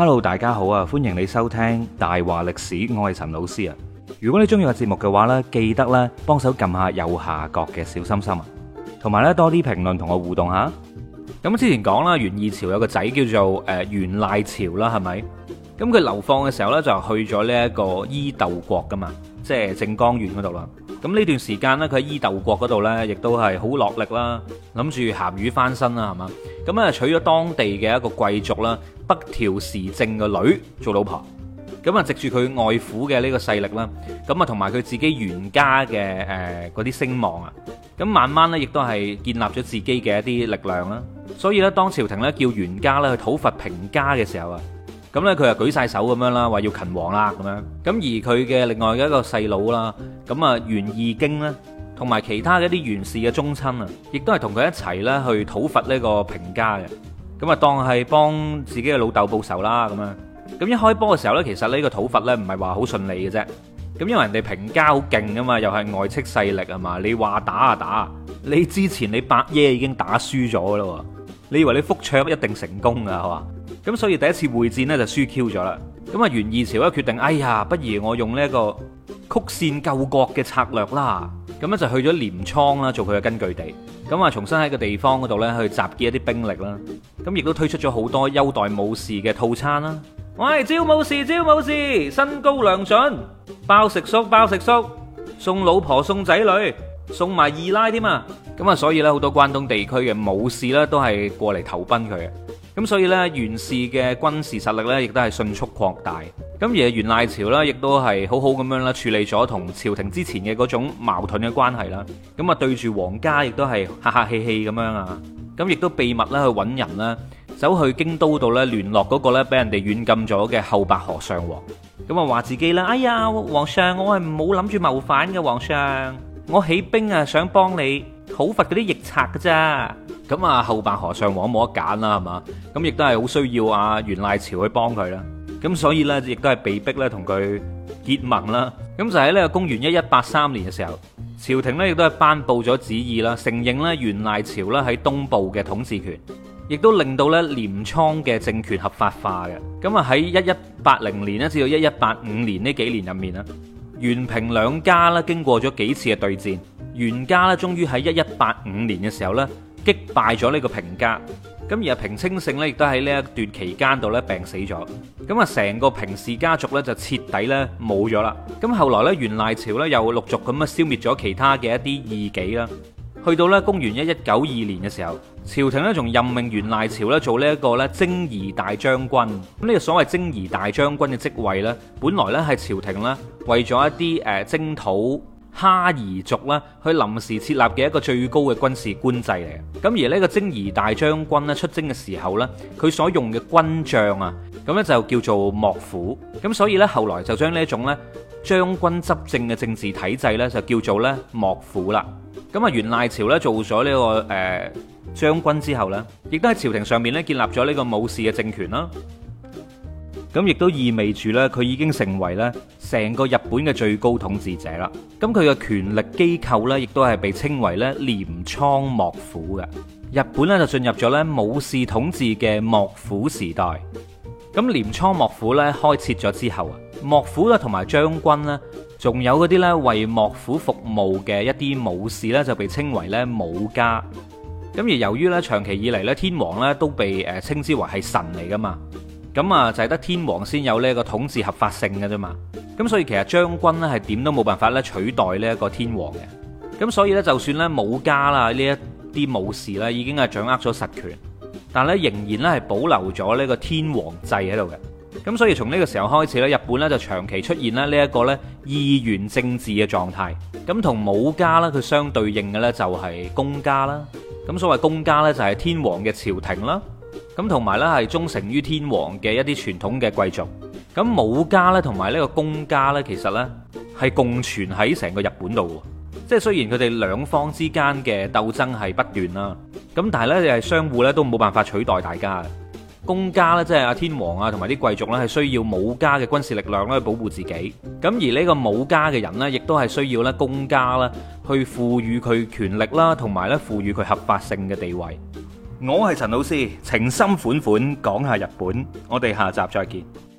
Hello，大家好啊！歡迎你收聽大話歷史，我係陳老師啊。如果你中意個節目嘅話呢，記得咧幫手撳下右下角嘅小心心啊，同埋呢多啲評論同我互動下。咁之前講啦，源義朝有個仔叫做誒源賴朝啦，係咪？咁佢流放嘅時候呢，就去咗呢一個伊豆國噶嘛，即係靜岡縣嗰度啦。咁呢段時間呢，佢喺伊豆國嗰度呢，亦都係好落力啦，諗住鹹魚翻身啦，係嘛？咁啊，娶咗當地嘅一個貴族啦，北條時政嘅女做老婆，咁啊，藉住佢外父嘅呢個勢力啦，咁啊，同埋佢自己源家嘅嗰啲聲望啊，咁慢慢呢，亦都係建立咗自己嘅一啲力量啦。所以呢，當朝廷呢，叫源家呢去討伐平家嘅時候啊。咁呢，佢就舉晒手咁樣啦，話要擒王啦咁樣。咁而佢嘅另外一個細佬啦，咁啊源義經呢，同埋其他一啲源氏嘅宗親啊，亦都係同佢一齊咧去討伐呢個平家嘅。咁啊當係幫自己嘅老豆報仇啦咁樣。咁一開波嘅時候呢，其實呢個討伐呢唔係話好順利嘅啫。咁因為人哋平家好勁啊嘛，又係外戚勢力啊嘛。你話打啊打，你之前你伯爺已經打輸咗嘅啦喎。你以為你復唱一定成功㗎係嘛？咁所以第一次會戰咧就輸 Q 咗啦。咁啊源二朝咧決定，哎呀，不如我用呢個曲線救國嘅策略啦。咁咧就去咗鎌倉啦做佢嘅根據地。咁啊重新喺個地方嗰度呢去集結一啲兵力啦。咁亦都推出咗好多優待武士嘅套餐啦。喂，招武士，招武士，薪高糧準，包食宿，包食宿，送老婆，送仔女，送埋二奶添啊！咁啊所以呢，好多關東地區嘅武士呢都係過嚟投奔佢嘅。咁所以咧，源氏嘅軍事實力咧，亦都係迅速擴大。咁而源賴朝咧，亦都係好好咁樣啦，處理咗同朝廷之前嘅嗰種矛盾嘅關係啦。咁啊，對住皇家亦都係客客氣氣咁樣啊。咁亦都秘密啦去揾人啦，走去京都度咧聯絡嗰個咧俾人哋軟禁咗嘅後白河上皇。咁啊，話自己啦，哎呀，皇上，我係冇諗住謀反嘅，皇上，我起兵啊，想幫你討伐嗰啲逆賊嘅咋。咁啊，後白河上皇冇得揀啦，係嘛。咁，亦都係好需要啊源賴朝去幫佢啦。咁所以咧，亦都係被逼咧同佢結盟啦。咁就喺呢個公元一一八三年嘅時候，朝廷咧亦都係頒布咗旨意啦，承認咧源賴朝咧喺東部嘅統治權，亦都令到咧鐮倉嘅政權合法化嘅。咁啊喺一一八零年咧，至到一一八五年呢幾年入面啊，源平兩家咧，經過咗幾次嘅對戰，源家咧，終於喺一一八五年嘅時候咧，擊敗咗呢個平家，咁而阿平清盛呢亦都喺呢一段期間度咧病死咗，咁啊，成個平氏家族呢就徹底咧冇咗啦。咁後來呢，源賴朝呢又陸續咁啊，消滅咗其他嘅一啲異己啦。去到呢公元一一九二年嘅時候，朝廷呢仲任命源賴朝呢做呢一個咧征夷大將軍。咁呢個所謂征夷大將軍嘅職位呢，本來呢係朝廷呢為咗一啲誒征討，哈夷族啦，去臨時設立嘅一個最高嘅軍事官制嚟嘅。咁而呢個征夷大將軍咧出征嘅時候呢，佢所用嘅軍將啊，咁呢就叫做幕府。咁所以呢，後來就將呢一種咧將軍執政嘅政治體制呢，就叫做呢幕府啦。咁啊，源賴朝呢、這個，做咗呢個誒將軍之後呢，亦都喺朝廷上面呢，建立咗呢個武士嘅政權啦。咁亦都意味住呢，佢已經成為呢。成個日本嘅最高統治者啦，咁佢嘅權力機構呢，亦都係被稱為咧鐮倉幕府嘅。日本咧就進入咗咧武士統治嘅幕府時代。咁鐮倉幕府咧開設咗之後啊，幕府啦同埋將軍呢，仲有嗰啲咧為幕府服務嘅一啲武士咧，就被稱為咧武家。咁而由於咧長期以嚟咧天皇咧都被誒稱之為係神嚟噶嘛。咁啊，就係得天皇先有呢一個統治合法性嘅啫嘛。咁所以其實將軍咧係點都冇辦法咧取代呢一個天皇嘅。咁所以咧，就算咧武家啦呢一啲武士咧已經係掌握咗實權，但係咧仍然咧係保留咗呢個天皇制喺度嘅。咁所以從呢個時候開始咧，日本咧就長期出現咧呢一個咧二元政治嘅狀態。咁同武家啦佢相對應嘅咧就係公家啦。咁所謂公家咧就係天皇嘅朝廷啦。咁同埋呢係忠誠於天皇嘅一啲傳統嘅貴族。咁武家呢，同埋呢個公家呢，其實呢係共存喺成個日本度。即係雖然佢哋兩方之間嘅鬥爭係不斷啦，咁但係呢，就係相互呢都冇辦法取代大家。公家呢，即係阿天皇啊，同埋啲貴族呢，係需要武家嘅軍事力量咧去保護自己。咁而呢個武家嘅人呢，亦都係需要呢公家呢去賦予佢權力啦，同埋呢賦予佢合法性嘅地位。我係陳老師，情深款款講下日本，我哋下集再見。